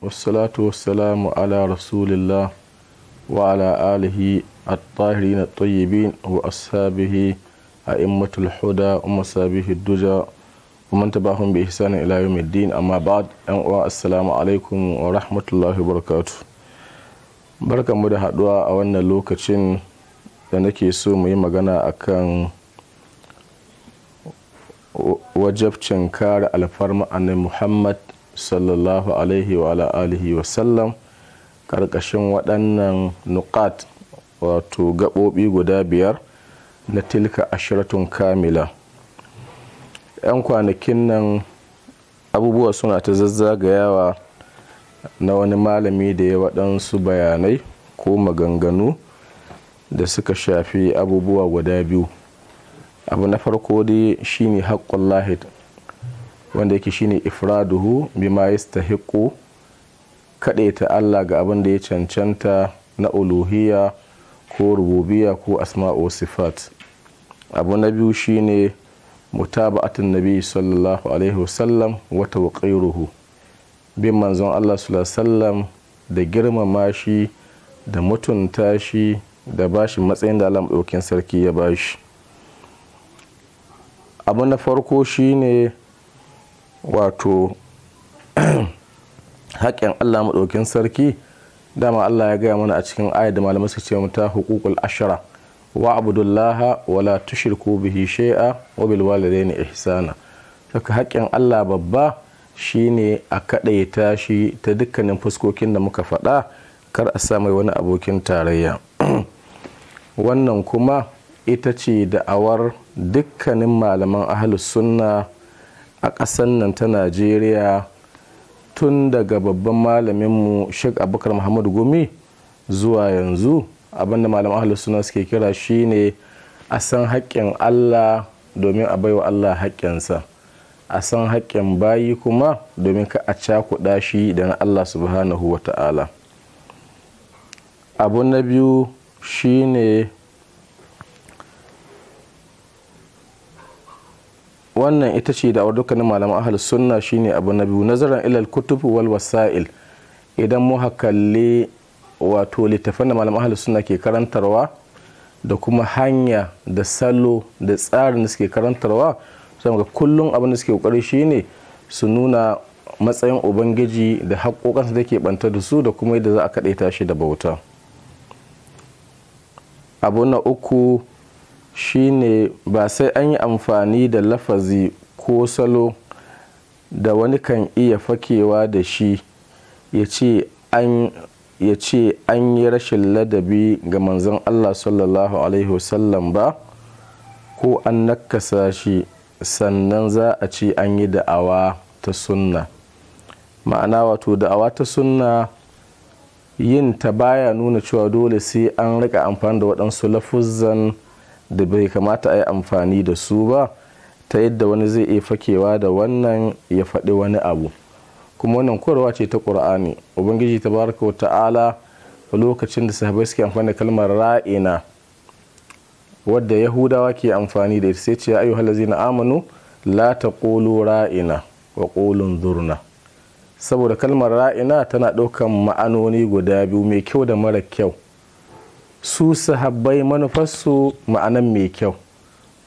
wassalatu wassalamu ala rasulillah wa ala alihi at-tahirin at-tayyibin wa ashabihi a'immatul huda wa masabihi duja wa man tabahum bi ila yawmiddin amma ba'd yan uwa assalamu alaikum wa rahmatullahi wa barakatuh barkanmu da haduwa a wannan lokacin da nake so mu yi magana akan wajabcin kare alfarma annabi Muhammad sallallahu alaihi wa ala alihi wa sallam karkashin waɗannan nukat wato gaɓoɓi guda biyar na tilka ashiratun kamila 'yan kwanakin nan abubuwa suna ta zazzagayawa na wani malami da ya waɗansu bayanai ko maganganu da suka shafi abubuwa guda biyu abu na farko dai shine haƙƙun lahid wanda yake shine ifraduhu bima yastahiqu kadaita Allah ga abin da ya cancanta na uluhiyya ko rububiyya ko asma'u sifat abu na biyu shine mutaba'atun nabi sallallahu alaihi wasallam wa tawqiruhu bin manzon Allah sallallahu alaihi wasallam da girmama shi da mutunta shi da bashi matsayin da Allah sarki ya bashi abu na farko shine wato haƙƙin allah maɗaukin sarki dama allah ya gaya mana a cikin ayat da malamai suke mata hukukul ashara wa abdullaha wala ko bihi shay'a wa bil walidaini ihsana saka haƙƙin allah babba shine a kaɗaita shi ta dukkanin fuskokin da muka faɗa kar a sa mai wani abokin tarayya wannan kuma ita ce da'awar dukkanin malaman ahlus sunna a ƙasar nan ta najeriya tun daga babban malaminmu sheik abubakar muhammad gumi zuwa yanzu abinda malam ahli suna suke kira shine a san haƙƙin allah domin a baiwa allah haƙƙinsa a san haƙƙin bayi kuma domin ka a cakuɗa shi da na allah subhanahu wa ta'ala abu na biyu shine wannan ita ce da dukkanin malaman ahal sunna shine abu na biyu nazarin ilal kutub wal wasa'il idan mu hakalle wato littafan da malaman ahal sunna ke karantarwa da kuma hanya da salo da tsarin da suke karantarwa sai ga kullum abin da suke kokari shine su nuna matsayin ubangiji da haƙoƙansa da ke banta da su da kuma yadda za a kaɗaita shi da bauta abu na uku shine ba sai an yi amfani da lafazi ko salo da wani kan iya fakewa da shi ya ce an yi rashin ladabi ga manzon Allah sallallahu alaihi wasallam ba ko an nakasa shi sannan za a ce an yi da'awa ta sunna ma'ana wato da'awa ta sunna yin ta baya nuna cewa dole sai an rika amfani da waɗansu lafuzan. da bai kamata a yi amfani da su ba ta yadda wani zai iya fakewa da wannan ya faɗi wani abu kuma wannan korowa ce ta ƙura'ani ubangiji ta baraka wa ta'ala lokacin da sahabai suke amfani da kalmar ra'ina wadda yahudawa ke amfani da ita sai ce ayu na amanu la ƙolo ra'ina wa ƙolon zurna saboda kalmar ra'ina tana ɗaukan ma'anoni guda biyu mai kyau da mara kyau su sahabbai manufarsu ma'anar mai kyau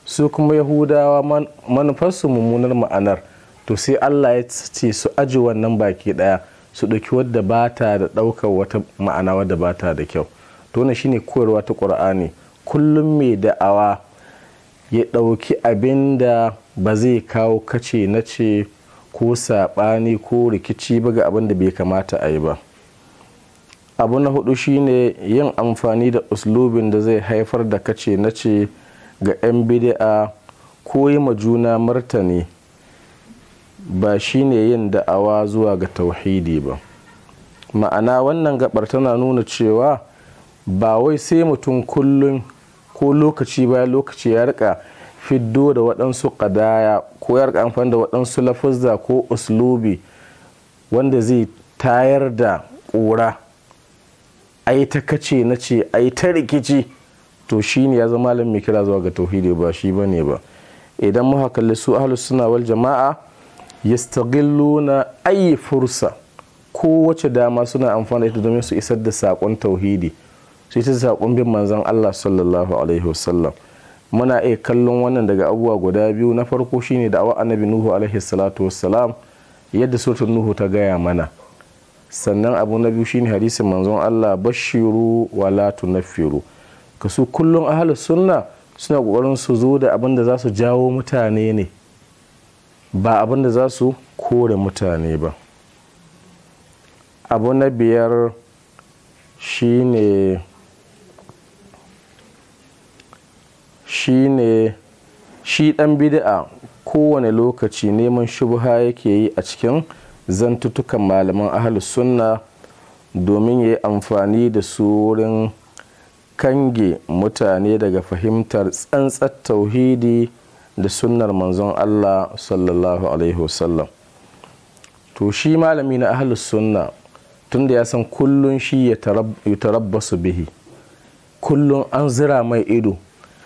su kuma yahudawa manufarsu mummunar ma'anar to sai allah ya ce su aji wannan baki daya su ɗauki wadda ba ta da ɗaukar wata ma'ana wadda ba ta da kyau to wannan shine koyarwa ta ƙur'ani kullum mai da'awa ya ɗauki abin da ba zai kawo kace na ce ko saɓani ko rikici ba ga abin da bai kamata a yi ba abu na hudu shine yin amfani da uslubin da zai haifar da kace na ce ga 'yan bida'a ko yi ma juna martani ba shine yin da'awa zuwa ga tauhidi ba ma'ana wannan gabar tana nuna cewa ba wai sai mutum kullum ko lokaci bayan lokaci ya rika fiddo da waɗansu kadaya ko ya rika amfani da waɗansu lafuzza ko uslubi wanda zai tayar da ƙura ai ta kace na ce ai ta rikici to shi ne ya zama malam mai kira zuwa ga tauhidi ba shi ba ne ba idan muka kalli su ahlus suna wal jama'a yastaghilluna ayi fursa kowace dama suna amfani da domin su isar da sakon tauhidi su isar da sakon bin manzon Allah sallallahu alaihi wasallam muna iya kallon wannan daga abubuwa guda biyu na farko shine da awa annabi nuhu alaihi salatu wassalam yadda suratul nuhu ta gaya mana sannan abu na biyu shine hadisin manzon Allah bashiru wala tunaffiru kasu kullum ahlus sunna suna kokarin su zo da abin da za su jawo mutane ne ba abin da za su kore mutane ba abu na biyar shine shine shi dan bid'a kowane lokaci neman shubha yake yi a cikin zantutukan malaman ahal sunna domin ya yi amfani da su wurin kange mutane daga fahimtar tsantsar tauhidi da sunnar manzon Allah sallallahu alaihi wasallam to shi malami na ahal sunna tunda ya san kullun shi ya su bihi kullun an zira mai ido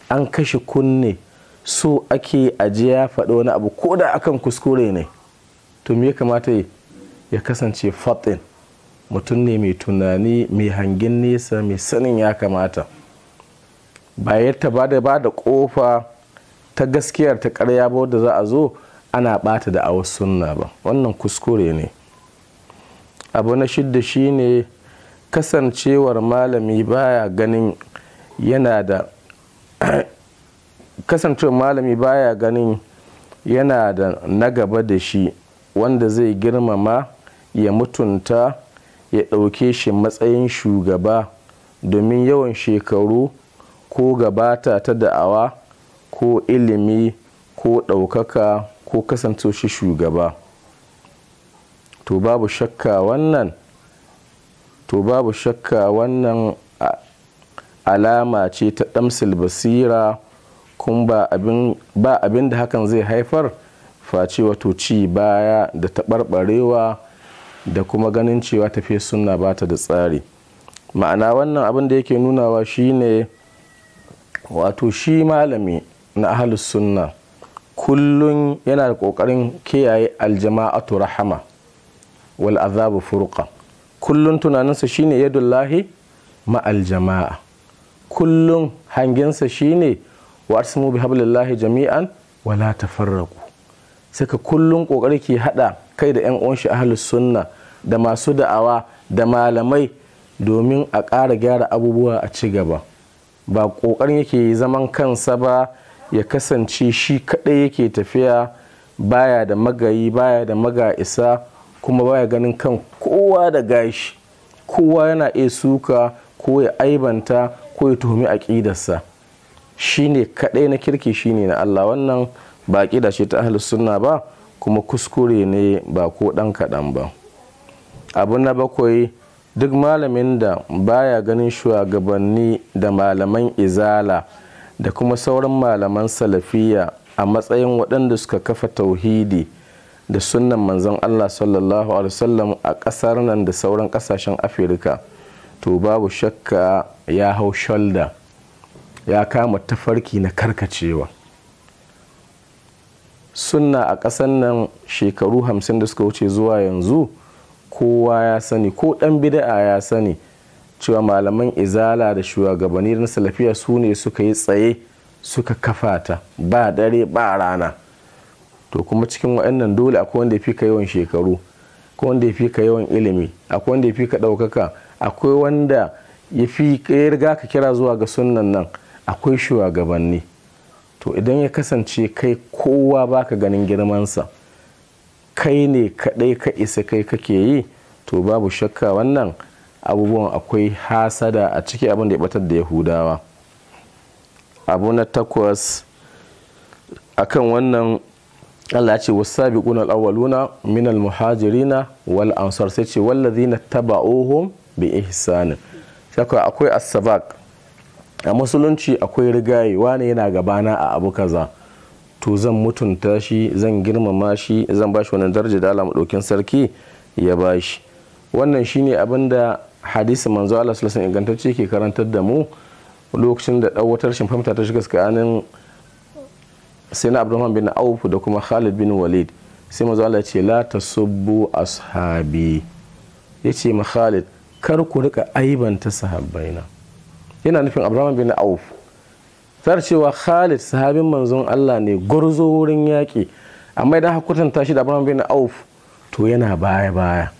an kashe kunne so ake ajiya faɗo wani abu ko da akan kuskure ne to me ya kamata ya kasance fatin mutum ne mai tunani mai hangin nesa mai sanin ya kamata ba ta ba da ba da kofa ta gaskiyar ta karya ba da za a zo ana bata da awa sunna ba wannan kuskure ne abu na shidda shine kasancewar malami baya ganin yana da kasancewar malami baya ganin yana da na gaba da shi wanda zai girmama ya mutunta ya ɗauke shi matsayin shugaba domin yawan shekaru ko gabata ta da'awa ko ilimi ko ɗaukaka ko kasance shi shugaba to babu shakka wannan to babu shakka wannan alama ce ta ɗamsil basira kuma ba abin da hakan zai haifar face wato ci baya da taɓarɓarewa da kuma ganin cewa tafi suna ba ta da tsari ma'ana wannan abin da yake nunawa shine wato shi malami na ahalus sunna kullum yana da ƙoƙarin kiyaye aljama'atu rahama wal azabu furqa kullum tunaninsa shine yadullahi ma aljama'a kullum hangensa shine wa arsimu bi jami'an wala tafarraqu saka kullum kokari ke hada kai da 'yan uwanshi ahlus sunna da masu da'awa da malamai domin a ƙara gyara abubuwa a ci gaba ba kokarin yake zaman kansa ba ya kasance shi kadai yake tafiya baya da magayi baya da maga isa kuma baya ganin kan kowa da gashi kowa yana iya suka ko ya aibanta ko ya tuhumi aƙidarsa shi ne kadai na kirki shi ne na allah wannan ba ƙida shi ta ahalus sunna ba kuma kuskure ne ba ko ɗan kaɗan ba abu na bakwai duk malamin da baya ganin shugabanni da malaman izala da kuma sauran malaman salafiya a matsayin waɗanda suka kafa tauhidi da sunnan manzon Allah sallallahu alaihi wasallam a ƙasar nan da sauran ƙasashen afirka to babu shakka ya hau shalda ya kama tafarki na karkacewa sunna a ƙasan nan shekaru hamsin da suka wuce zuwa yanzu kowa ya sani ko ɗan bida'a ya sani cewa malaman izala da shugabanni na salafiya su ne suka yi tsaye suka kafa ta ba dare ba rana to kuma cikin wa'annan dole akwai wanda ya fi ka yawan shekaru akwai wanda ya fi ka yawan ilimi akwai wanda ya fi ka ɗaukaka akwai wanda ya fi riga ka kira zuwa ga sunan nan akwai shugabanni to idan ya kasance kai kowa baka ganin girmansa kai ne kadai ka isa kai kake yi to babu shakka wannan abubuwan akwai hasada a ciki abin da ya batar da yahudawa abu na takwas akan wannan Allah ya ce wasabiquna al-awwaluna min minal muhajirina wal ansar sai ce wallazina taba'uhum bi ihsan akwai as a musulunci akwai rigayewa ne yana gabana a abu kaza to zan mutunta shi zan girmama shi zan bashi wani daraja da alama ɗaukin sarki ya bashi wannan shine abin da hadisi manzo Allah sallallahu alaihi ke karantar da mu lokacin da dawatar shin famta ta shiga tsakanin na Abdurrahman bin Auf da kuma Khalid bin Walid sai manzo Allah ce la tasubbu ashabi yace ma Khalid kar ku rika aibanta sahabbaina yana nufin abraham bin auf tsar cewa khalid sahabin manzon allah ne gwarzo wurin yaƙi amma idan haka kwatanta shi da abraham bin auf to yana baya baya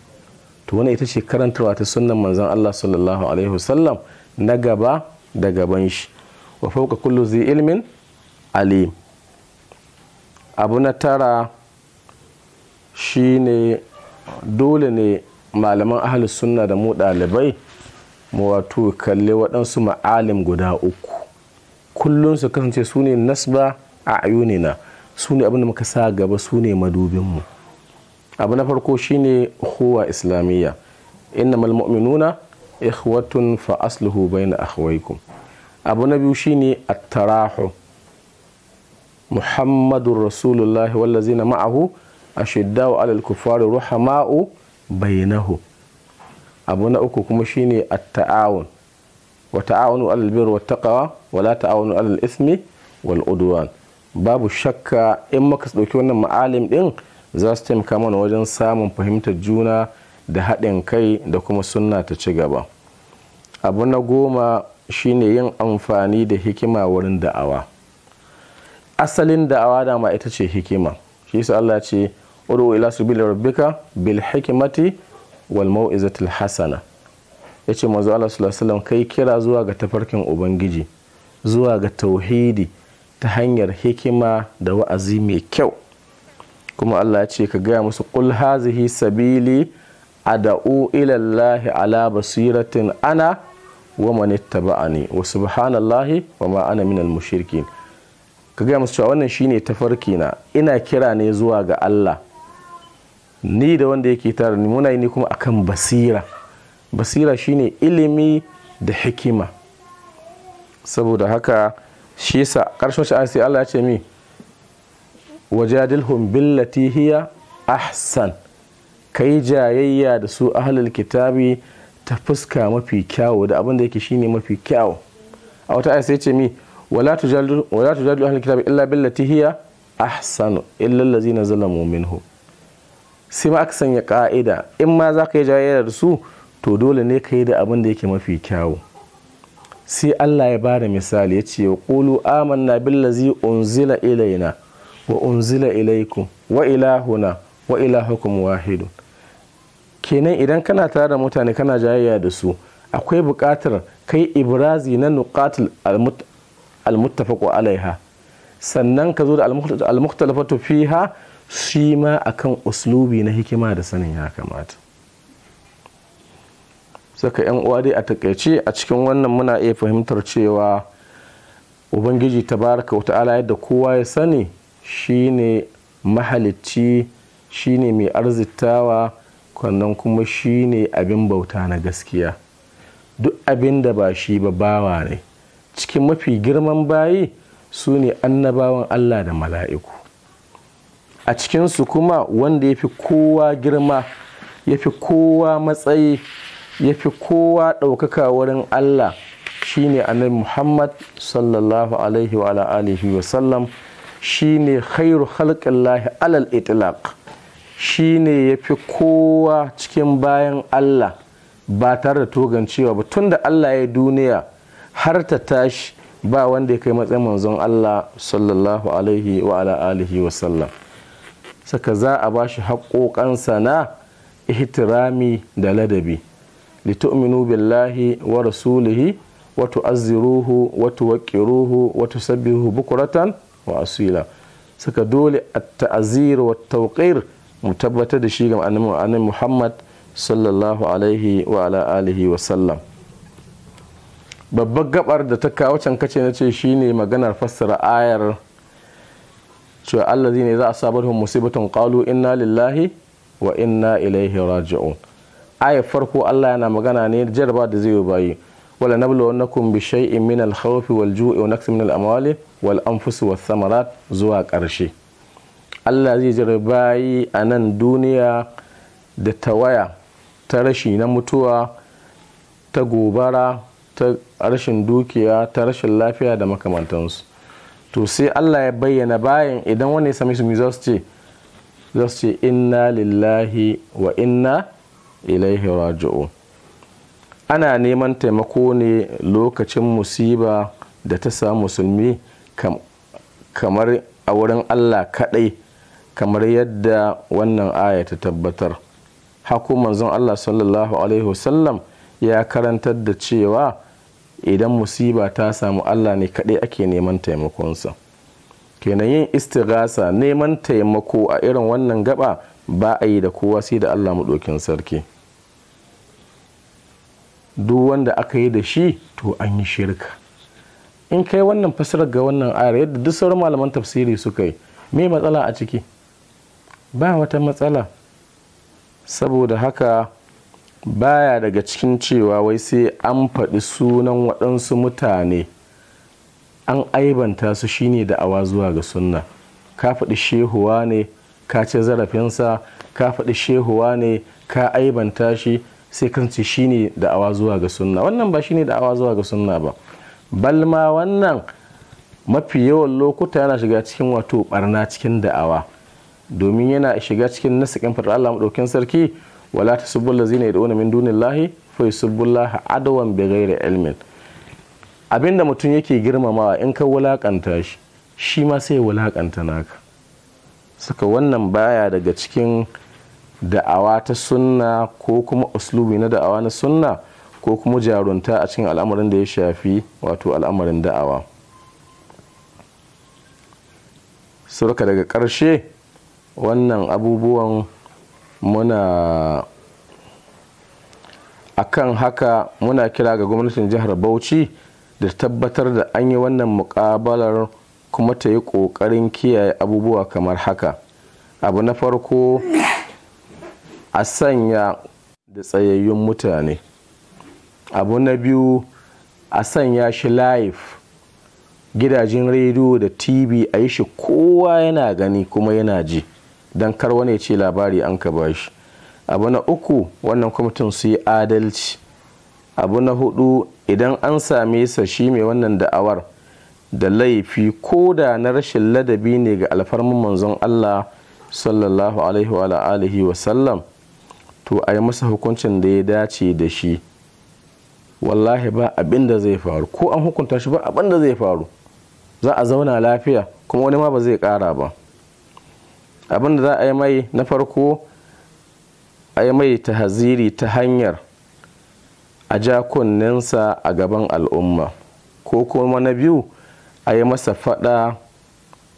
to wani ita ce karantarwa ta sunan manzon allah sallallahu alaihi wasallam na gaba da gaban shi wa fauka kullu zai ilmin alim abu na tara shine dole ne malaman ahalus sunna da mu ɗalibai mu wato kalli waɗansu ma'alim guda uku kullum su kasance su ne nasba a ayunina su ne abin da muka sa gaba su ne madubinmu abu na farko shine huwa islamiyya innamal mu'minuna ikhwatun fa asluhu bayna akhwaykum abu na biyu shine at-tarahu muhammadur wallazi wallazina ma'ahu ashiddau alal kufari ruhama'u bainahu abu na uku kuma shine at-ta'awun wa ta'awunu alal birri wat taqwa wa la ta'awunu alal ismi wal udwan babu shakka in muka dauki wannan ma'alim din za su taimaka mana wajen samun fahimtar juna da haɗin kai da kuma sunna ta ci gaba abu na goma shine yin amfani da hikima wurin da'awa asalin da'awa dama ita ce hikima shi yasa Allah ce udu ila subili rabbika bil hikimati wal mau'izatul hasana yace ce Allah sallallahu kai kira zuwa ga tafarkin ubangiji zuwa ga tauhidi ta hanyar hikima da wa'azi mai kyau kuma Allah ya ce ka gaya musu kul hazihi sabili a da'u ilallahi ala basiratin ana wa mani taba'ani wa subhanallahi wa ma ana minal mushirkin ka gaya musu cewa wannan shine tafarki na ina kira ne zuwa ga Allah ni da wanda yake tare ni muna yi ni kuma akan basira basira shine ilimi da hikima saboda haka shi sa karshen shi sai Allah ya ce mi wajadilhum billati hiya ahsan kai jayayya da su ahlul kitabi ta fuska mafi kyawu da abin da yake shine mafi kyawu a wata ayi sai ce mi wala tujadilu ahlul kitabi illa billati hiya ahsanu illa allazina zalamu minhum sai ma aka sanya ka'ida in ma za ka yi jayayya da su to dole ne ka yi da abin da yake mafi kyawu sai Allah ya bada misali ya ce qulu amanna billazi unzila ilaina wa unzila ilaikum wa ilahuna wa ilahukum wahidun kenan idan kana tare da mutane kana jayayya da su akwai buƙatar kai ibrazi na nuqatul almuttafaqu alaiha sannan ka zo da almukhtalafatu fiha shi ma akan uslubi na hikima da sanin ya kamata saka yan uwa dai a takaice a cikin wannan muna iya fahimtar cewa ubangiji tabaraka wa ala yadda kowa ya sani shine mahalicci shine mai arzitawa kwanan kuma shine abin bauta na gaskiya duk abin da ba shi ba bawa ne cikin mafi girman bayi su ne annabawan allah da mala'iku a cikinsu kuma wanda ya fi kowa girma ya fi kowa matsayi ya fi kowa ɗaukaka wurin Allah shi shine annabi Muhammad sallallahu alaihi wa alihi wa sallam shine khairu lahi alal itlaq shine yafi kowa cikin bayan Allah ba tare da togancewa ba tun da Allah ya duniya har ta tashi ba wanda ya kai matsayin manzon Allah sallallahu alaihi wa alihi wa sallam saka za a ba shi haƙoƙansa na ihtirami da ladabi litu'minu billahi wa rasulihi wa tu'azziruhu wa tuwaqqiruhu wa tusabbihu bukratan wa asila saka dole at-ta'zir wa tawqir mu tabbatar da shi ga annabi Muhammad sallallahu alaihi wa ala alihi wa sallam babbar gabar da ta kawo can kace na shine maganar fassara ayar cewa allazi ne za a sabar hun musibatun kalu inna lillahi wa inna ilaihi raji'un farko Allah yana magana ne jarba da zai bayi wala nabluwannakum bi shay'in min al-khawfi wal ju'i wa naqsin min al-amwali wal anfusi was samarat zuwa karshe Allah zai jarbayi a nan duniya da tawaya ta rashi na mutuwa ta gobara ta rashin dukiya ta rashin lafiya da makamantansu to sai Allah ya bayyana bayan idan wani ya su za za su ce inna lillahi wa inna ilaihi raji'un ana neman taimako ne lokacin musiba da ta samu musulmi kamar a wurin Allah kaɗai kamar yadda wannan aya ta tabbatar haku manzon Allah sallallahu alaihi wasallam ya karantar da cewa idan musiba ta samu allah ne kaɗai ake neman taimakonsa kenan yin istigasa neman taimako a irin wannan gaba ba a yi da kowa sai da allah maɗokin sarki duk wanda aka yi da shi to an yi shirka in kai wannan fasirar ga wannan ayar yadda duk sauran malaman tafsiri suka yi me matsala a ciki ba wata matsala saboda haka baya daga cikin cewa wai sai an faɗi sunan waɗansu mutane an aibanta su shine da awa zuwa ga sunna ka faɗi shehuwa ne ka ce zarafinsa ka faɗi shehuwa ne ka aibanta shi sai kan ce shine da awa zuwa ga sunna wannan ba shine da awa zuwa ga sunna ba balma wannan mafi yawan lokuta yana shiga cikin wato barna cikin da'awa domin yana shiga cikin nasikin fadar Allah maɗaukin sarki wala tasubbu allazina yad'una min dunillahi fa yusubbullaha adawan bighairi ilmin abinda mutum yake girmamawa in ka wulakanta shi shi ma sai wulakanta naka saka wannan baya daga cikin da'awa ta sunna ko kuma uslubi na da'awa na sunna ko kuma jarunta a cikin al'amarin da ya shafi wato al'amarin da'awa surka daga ƙarshe wannan abubuwan muna akan haka muna kira ga gwamnatin jihar bauchi da tabbatar da an yi wannan mukabalar kuma ta yi ƙoƙarin kiyaye abubuwa kamar haka abu na farko a sanya da tsayayyun mutane abu na biyu a sanya shi live gidajen rediyo da tv a yi shi kowa yana gani kuma yana ji don kar wani ya ce labari an ka bashi abu na uku wannan kwamitin su yi adalci abu na hudu idan an same sa shi mai wannan da'awar da laifi ko da na rashin ladabi ne ga alfarmin manzon Allah sallallahu alaihi wa alihi wa sallam to a yi masa hukuncin da ya dace da shi wallahi ba abin da zai faru ko an hukunta shi ba abin da zai faru za a zauna lafiya kuma wani ma ba zai kara ba abin da za a yi mai na farko a yi mai haziri ta hanyar a ja kunninsa a gaban al'umma ko kuma na biyu a yi masa fada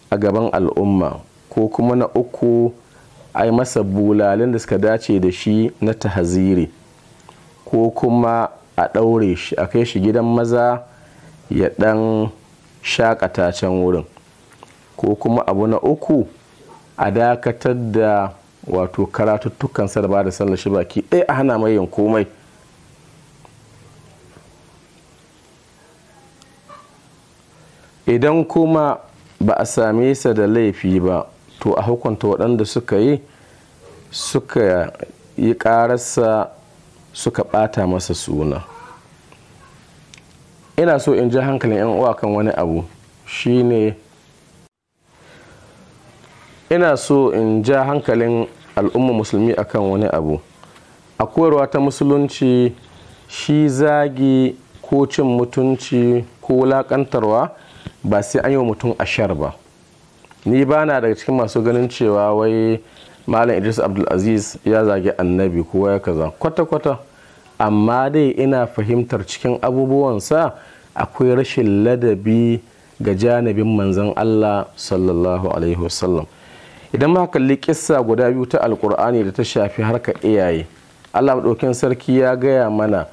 a gaban al'umma ko kuma na uku a yi masa bulalin da suka dace da shi na tahaziri ko kuma a ɗaure shi a kai shi gidan maza ya ɗan shakata can wurin ko kuma abu na uku a dakatar da wato karatuttukan sarba da sallar shi baki ɗaya a hana mai yin komai idan kuma ba a same sa da laifi ba to a hukunta waɗanda suka yi suka yi ƙararsa suka ɓata masa suna ina so in ji hankalin 'yan uwa kan wani abu shine ina so in ja hankalin al'umma musulmi akan wani abu a koyarwa ta musulunci shi zagi ko cin mutunci ko wulakantarwa ba sai an yi wa mutum ashar ba ni ba na daga cikin masu ganin cewa wai malam idris abdulaziz ya zagi annabi ko ya kaza kwata-kwata amma dai ina fahimtar cikin abubuwansa akwai rashin ladabi ga janibin manzan allah sallallahu alaihi wasallam idan ma kalli kissa guda biyu ta alkur'ani da ta shafi harka iyaye allah maɗaukin sarki ya gaya mana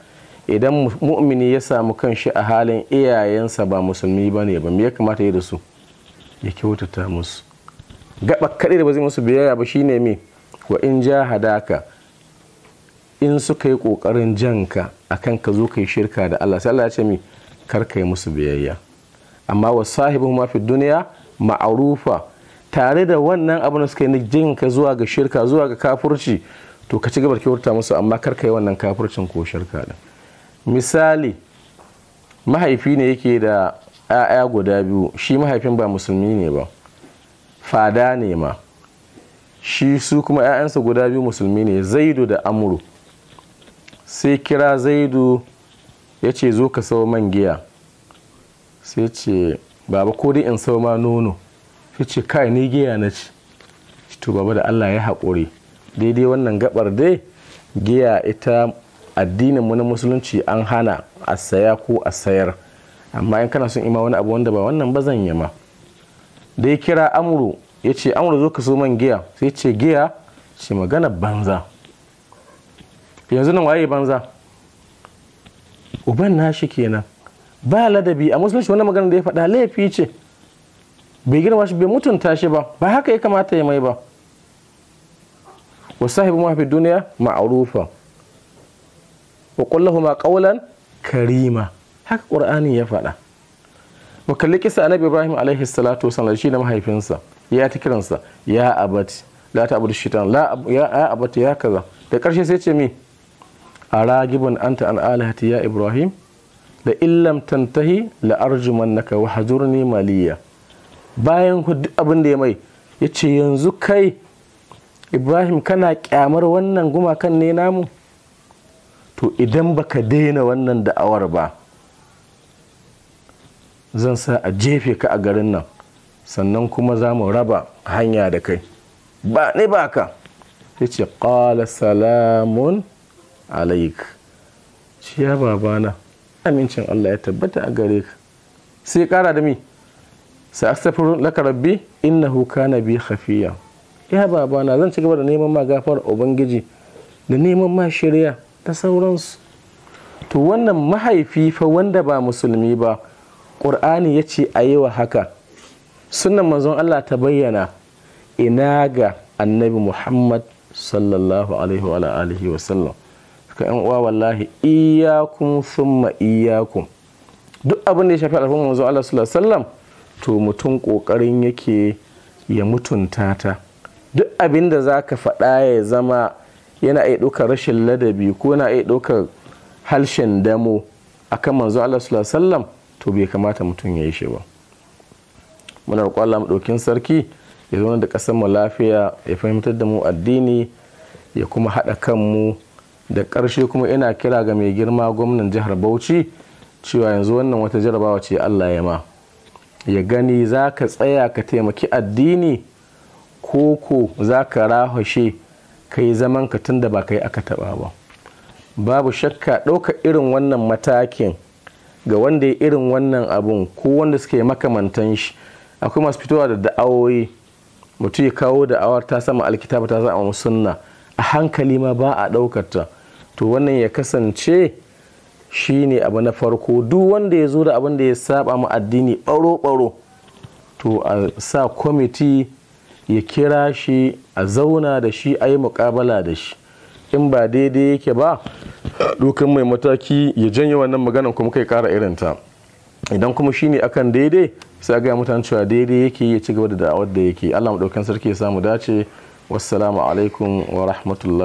idan mu'mini ya samu kanshi a halin iyayensa ba musulmi ba ne ba ya kamata yi da su ya kyautata musu gaba kaɗai da ba zai musu biyayya ba shine me wa in ja hadaka in suka yi ƙoƙarin janka akan ka zo ka yi shirka da allah sai allah ya ce mi kar ka yi musu biyayya amma wa sahibu ma duniya ma'arufa tare da wannan abin da suka yi na ka zuwa ga shirka zuwa ga kafurci to ka ci gaba kyauta musu amma kar ka yi wannan kafurcin ko shirka din misali mahaifi ne yake da 'ya'ya guda biyu shi mahaifin ba musulmi ne ba fada ne ma shi su kuma 'ya'yansa guda biyu musulmi ne zaidu da amuru sai kira zaidu ya ce zo ka sau man giya sai ce baba ko dai in sau ma nono ya ce kai ni giya na ci to baba da Allah ya haƙuri daidai wannan gabar dai giya ita addinin mu na musulunci an hana a saya ko a sayar amma in kana son ima wani abu wanda ba wannan ba zan yi ma. da ya kira amuru ya ce amuru zo ka so man giya sai ce giya ce magana banza yanzu nan waye banza uban na shi kenan ba ladabi a musulunci wani magana da ya faɗa laifi ce bai girma shi bai mutunta shi ba ba haka ya kamata ya mai ba wa sahibu mafi duniya ma'arufa wa kullahu ma qawlan karima haka qur'ani ya faɗa wa kalli kisa annabi ibrahim alaihi salatu wasallam shi mahaifinsa ya ta kiransa ya abati la ta abudu la ya abati ya kaza da karshe sai ce mi a ragibin anta an alihati ya ibrahim da illam tantahi la arjumannaka wa hajurni maliya bayan abin da ya mai ya ce yanzu kai ibrahim kana kyamar wannan gumakan ne namu to idan baka daina wannan da'awar ba zan sa a jefe ka a garin nan sannan kuma za mu raba hanya da kai ba ne ba ka ya ce ƙala salamun alaik ciya babana amincin allah ya tabbata a gare ka sai kara da mi sa'astafiru laka rabbi innahu kana bi khafiya ya babana zan ci gaba da neman ma gafar ubangiji da neman ma shirya da sauransu to wannan mahaifi fa wanda ba musulmi ba Qur'ani ya ce a yi haka sunan manzon Allah ta bayyana ina ga annabi Muhammad sallallahu alaihi wa alihi wa sallam ka yan uwa wallahi iyyakum thumma iyyakum duk abin da ya shafi al'ummar manzon Allah sallallahu alaihi wa sallam to mutum ƙoƙarin yake ya mutunta ta duk abin da za ka faɗa ya zama yana iya ɗaukar rashin ladabi ko yana iya ɗaukar harshen damo a kan manzo Allah sallam to bai kamata mutum ya yi shi ba muna roƙon Allah sarki ya zo da ƙasar mu lafiya ya fahimtar da mu addini ya kuma haɗa kanmu da ƙarshe kuma ina kira ga mai girma gwamnan jihar Bauchi cewa yanzu wannan wata jarabawa ce Allah ya ma ya gani za ka tsaya ka taimaki addini ko ko za ka rahashe ka yi zaman ka tun da ba ka yi aka taba ba babu shakka ɗauka irin wannan matakin ga wanda ya irin wannan abun ko wanda suke makamantan shi akwai masu fitowa da da'awoyi mutum ya kawo da'awar ta sama alkitaba ta zama musunna a hankali ma ba a ɗaukata to wannan ya kasance shi ne abu na farko duk wanda ya zo da abin da ya saba mu addini baro-baro to a sa kwamiti ya kira shi a zauna da shi a yi mukabala da shi in ba daidai yake ba dokan mai mataki ya janye wannan maganan kuma kai kara irinta idan kuma shi ne akan daidai sai a gaya mutane cewa daidai yake ya ci gaba da da'awar da yake Allah daukan sarki ya samu dace wassalamu alaikum wa rahmatullahi